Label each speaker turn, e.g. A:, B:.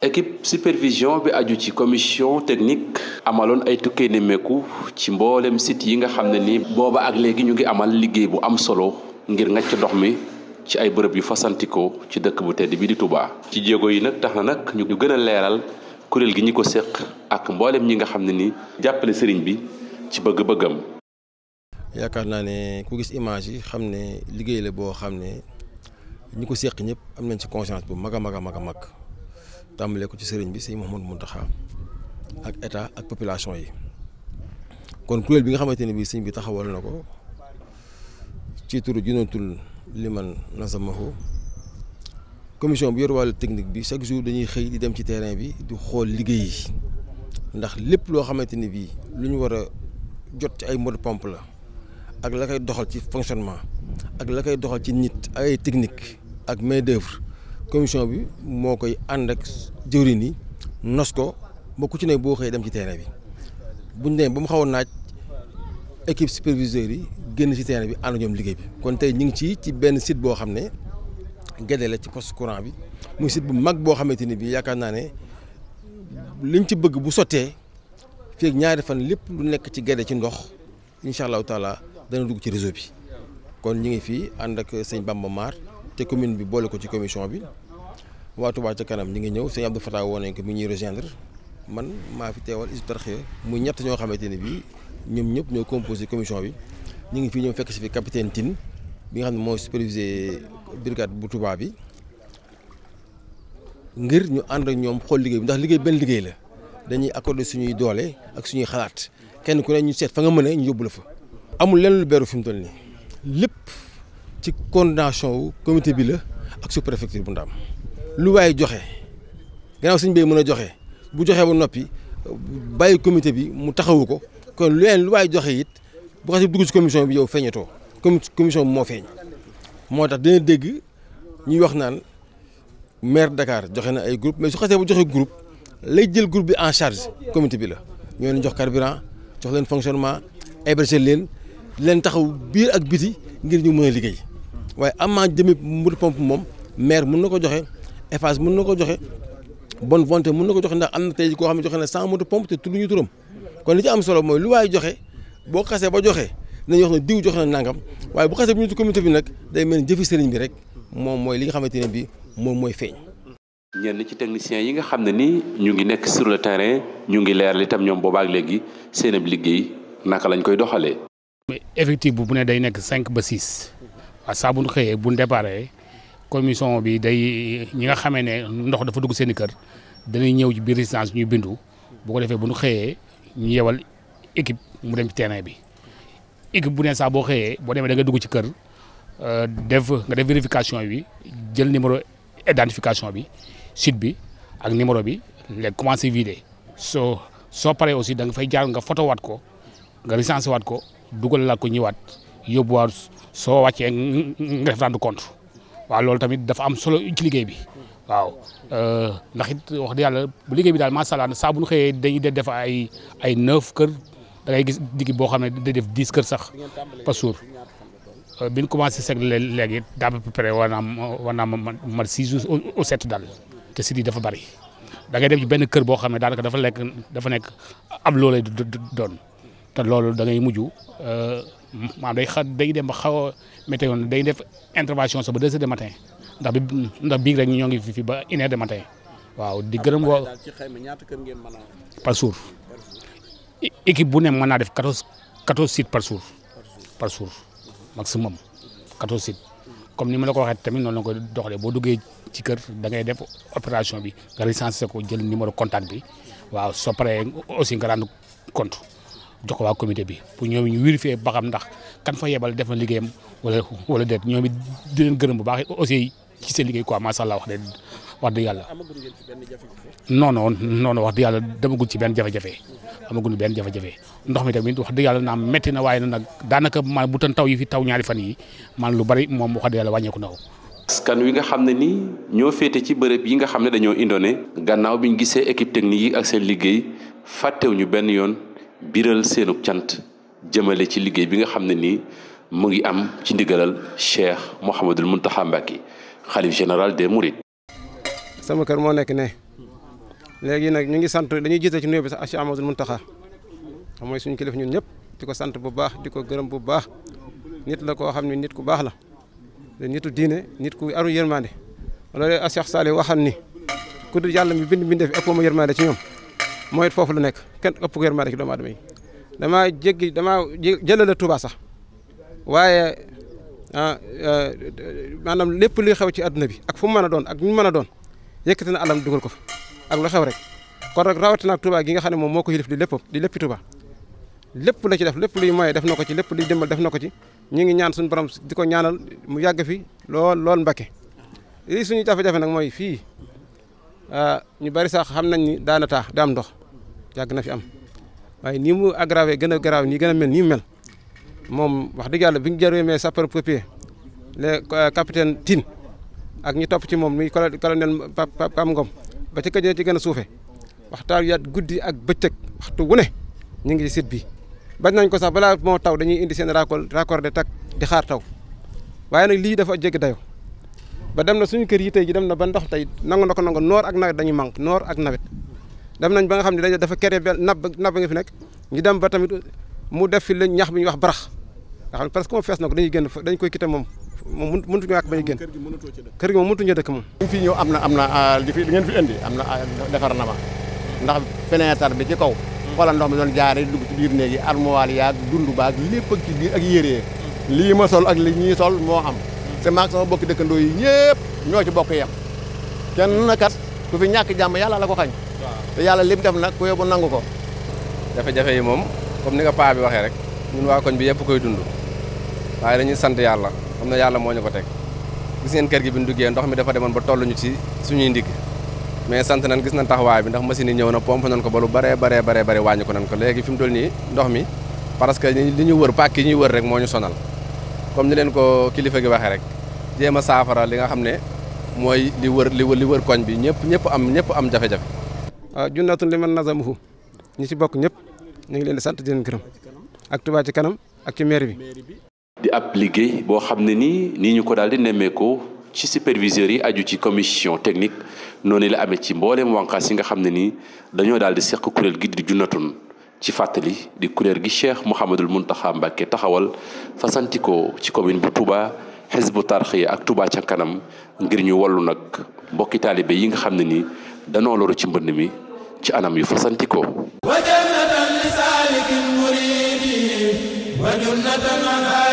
A: équipe supervision bi aju ci commission technique amaloon ay tukkee nemmeeku ci mboolem site yi nga xam ne ni booba ak léegi ñu ngi amal liggéey bu am solo ngir ngacc ndox mi ci ay bërëb yu fasantikoo ci dëkk bu tedd bi di Touba. ci jéego yi nag tax na nag ñu gën a leeral kuréel gi ñi ko séq ak mboolem ñi nga xam ne ni jàppale sëriñ bi ci bëgg-bëggam.
B: yaakaar naa ne ku gis image yi xam ne liggéey la boo xam ne. ñi ko seq ñëpp am nañ ci conscience bu mag a mag a mag a mag tàmbalee ko ci sëriñ bi sëñ Mouhamadou Mountakha ak état ak population yi kon kuréel bi nga xamante ne bii sëñ bi taxawal na ko ci turu junnatul liman nasamahu commission bi yor wàllu technique bi chaque jour dañuy xëy di dem ci terrain bi di xool liggéey yi ndax lépp loo xamante ni bii lu ñu war a jot ci ay mode pompe la ak la koy doxal ci fonctionnement ak la koy doxal ci nit ay technique ak main d'œuvre commission bi moo koy ànd ak jëwriñ yi nos ko moo ku ci ne boo xëyee dem ci terrain bi buñ demee ba mu xaw naaj équipe superviseurs yi génn ci terrain bi ànd ñoom liggéey bi kon tey ñu ngi ci ci benn site boo xam ne Guédé la ci poste courant bi muy site bu mag boo xamante ni bii yaakaar naa ne liñ ci bëgg bu sottee fii ak ñaari fan lépp lu nekk ci Guédé ci ndox incha allahu taala dana dugg ci réseau bi kon ñu ngi fii ànd ak sëñ Bamba Mar te commune bi boole ko ci commission bi waa Touba ca kanam ñi ngi ñëw sëñ Abdou Fatah woo nañ ko mi ñuy rejoindre man maa fi teewal Hizbut Tarqiyyah muy ñett ñoo xamante ne bii ñoom ñëpp ñoo composé commission bi ñu ngi fii ñoom fekk si fi capitaine tin bi nga xam ne moo supervisé brigade bu Touba bi ngir ñu ànd ak ñoom xool liggéey bi ndax liggéey benn liggéey la dañuy accordé suñuy doole ak suñuy xalaat kenn ku ne ñu seet fa nga mën a ñu yóbbu fa. amul lenn lu fi mu toll nii lépp. ci coordination wu comité bi la ak sous préfecture bu Ndam lu waaye joxe gannaaw sëñ bay mën a joxe bu joxe ba noppi bàyyi comité bi mu taxawu ko kon lu leen lu waaye joxe it bu xasee dugg ci commission bi yow feeñatoo comi commission bi moo feeñ moo tax dina dégg ñuy wax naan maire Dakar joxe na ay groupe mais su xasee bu joxe groupe lay jël groupe bi en charge comité bi la ñoo leen jox carburant jox leen fonctionnement héberger leen leen taxaw bi ak biti ngir ñu mën liggéey waaye amaa jëmi moto pompe moom maire mun na ko joxe epase mun na ko joxe bon volonté mun na ko joxe ndax am na tey koo xam ne joxe na sans moto pompe te tuddu ñu turam kon li ci am solo mooy lu waay joxe boo xasee ba joxe nañu wax ne diw joxe na nangam waaye bu xasee bu ñu ci comité bi nag day mel ni jëfi sëriñ bi rek moom mooy li nga xamante ne bi moom mooy feeñ.
A: ñenn ci technicien yi nga xam ne ni ñu ngi nekk sur le terrain ñu ngi leeral itam ñoom boobaak léegi seen liggéey naka lañ koy doxalee.
C: effectif bu bu ne day nekk cinq ba six saa bu nu xëyee bu nu déparé commission bi day ñi nga xamee ne ndox dafa dugg seen i kër dañuy ñëw ci biir résidence ñuy bindu bu ko defee bu nu xëyee ñu yewal équipe mu dem ci terrain bi équipe bu ne saa boo xëyee boo demee da nga dugg ci kër euh, def nga def vérification bi jël numéro identification bi site bi ak numéro bi léegi commencé vider soo soo paree aussi da nga fay jaar nga photo waat ko nga recensé waat ko dugal laat ko ñëwaat yóbbuwaat. soo wàccee nga def rendre compte waaw loolu tamit dafa am solo ci liggéey bi waaw euh, ndax it wax dëgg yàlla bu liggéey bi daal macha allah saa bu ñu xëyee dañuy def ay ay neuf kër da ngay gis digg boo xam ne day def dix kër sax par jour euh, bi ñu commencé seq léegi daa ba pare war naa war naa ma six jours au sept daal te site yi dafa bari da dem benn kër boo xam ne daanaka dafa lekk dafa nekk ab loo lay doon te loolu da ngay euh, maanaam day xa day dem ba xaw a météo day def intervention sa ba deux matin ndax bi ndax biig rek ñoo ngi fi fi ba une heure matin waaw di gërëm woo par suur équipe bu ne mën naa def quatorze quatorze sites par jour par jour maximum quatorze sites comme ni ma la ko waxee tamit noon la ko doxalee boo duggee ci kër da ngay def opération bi nga recensé ko jël numéro contact bi waaw soo paree aussi nga rendre compte jox waa comité bi pour ñoom ñu vérifier ba xam ndax kan fa yebal def na liggéeyam wala wala déet ñoom it di leen gërëm bu baax aussi ci seen liggéey quoi macha allah wax dëgg wax dëgg yàlla. non non non non wax yàlla demagul ci benn jafe-jafe. amagul benn jafe-jafe ndox mi tamit wax dëgg yàlla naam métti na waaye nag daanaka ma bu tan taw yi fi taw ñaari fan yi man lu bari moom wax dëgg yàlla wàññeeku na
A: askan wi nga xam ne ni ñoo féete ci bërëb yi nga xam ne dañoo indoone gannaaw bi ñu gisee équipe technique yi ak seen liggéey fàttewu ñu benn yoon biral seenub cant jëmale ci liggéey bi nga xam ne nii mu ngi am ci ndigalal Cheikh Mouhamadul Mountakha Mbacké xalif général des Mourides.
D: sama kër moo nekk ne léegi nag ñu ngi sant dañuy jiite ci nuyoo bi sax Cheikh Mouhamadul Mountakha xam mooy suñu kilif ñun ñëpp di ko sant bu baax di ko gërëm bu baax nit la koo xam ne nit ku baax la nitu diine nit ku aru yërmande loolu Cheikh Saliou waxal ni ku dul yàlla mi bind bindee fi ëppoo ma yërmande ci ñoom. mooy foofu la nekk kenn ëpp ko yërmande ci doomu aadama yi dama jéggi damaa jëlale Touba sax waaye ah, eh, maanaam lépp luy xew ci adduna bi ak fu mu mën a doon ak ñu mën a doon yëkkati na alam dugal ko fa ak lu xew rek kon rek rawatina ak Touba gi nga xam ne moom moo ko yilif di lépp di léppi lépp la ci def lépp luy moye def na ko ci lépp luy dimbal def na ci ñu ngi ñaan suñu borom di ko ñaanal mu yàgg fi lool lool Mbàkke lii suñu jafe-jafe nag mooy fii ah, ñu bari sax xam nañ ni daana taax da ndox yàgg na fi am waaye nii mu aggravé gën a grave nii gën a mel nii mel moom wax dëgg yàlla bi ñu jarwee mais sapeur pompier le capitaine Tine ak ñi topp ci moom muy colonel Pam Ngom ba ci këjee ci gën a suufe waxtaan guddi ak bëccëg waxtu wu ne ñu ngi ci site bi bañ nañ ko sax balaa moo taw dañuy indi seen raccord raccordé tak di xaar taw waaye nag lii dafa jéggi dayo ba dem na suñu kër yi tey ji dem na ba ndox tey nangu na ko noor ak nawet dañuy manque noor ak nawet dem nañ ba nga xam ne dañu dafa kere benn nab nab nga fi nekk ñu dem ba tamit mu def fi la ñax bi ñuy wax barax nga xam parce que moom fees na ko dañuy génn dañ koy quitté moom moom mëntuñu wàq bañu génn kër gi moom mëntuñu dëkk moom li fi ñëw am na na ah, li fi li fi indi am na ah, defar na ma ndax fenêtre bi ci kaw xoola hmm. ndox mi doon jaare dugg ci biir néegi armoire yaag dund baag lépp ak ci biir ak yére hmm. lii ma sol ak li ñuy sol moo am hmm. te maag sama bokki dëkkandoo yi ñëpp ñoo ci bokk yem kenn kat ku fi ñàkk jàmm yàlla la ko xañ te yàlla lim def nag ku
B: yóbbu ko jafe-jafe yi moom comme ni nga paa bi waxee rek ñun waa koñ bi yëpp koy dund waaye dañuy sant yàlla xam na yàlla moo ñu ko teg gis ngeen kër gi bi ñu ndox mi dafa demoon ba tollu ñu ci suñuy ndigg mais sant nan gis nañ taxawaay bi ndax machine yi ñëw na pompe nañ ko ba lu bare bare baree baree wàññi ko nañ ko léegi fi mu toll nii ndox mi parce que li ñu wër pàkk yi ñuy wër rek moo ñu sonal comme ni leen ko kilifa gi waxee rek jéem a saafara li nga xam ne mooy li wër li wër koñ bi ñëpp ñëpp am ñëpp am jafe
D: waaw ah, junnatun liman nazamuhu ñi ci bokk ñëpp ñu leen di sant di leen ak Touba ci kanam ak ci mairie
A: bi. di ab liggéey boo xam ne nii nii ñu ko daal di nemmeekoo ci superviseurs yi aju ci commission technique noonu la amee ci mbooleem wànqaas yi nga xam ne nii dañoo daal di seq kuréel gi di junnatun ci fàttali di kuréel gi Cheikh Mouhamadul Mountakha Mbacké taxawal fasantikoo ci commune bu Touba. xisbu yi ak Touba ca kanam ngir ñu wallu nag mbokki taalibe yi nga xam ne nii danoo ci mbënd mi ci anam yu fasantikoo
C: wa li saalikin muridi wa jannatan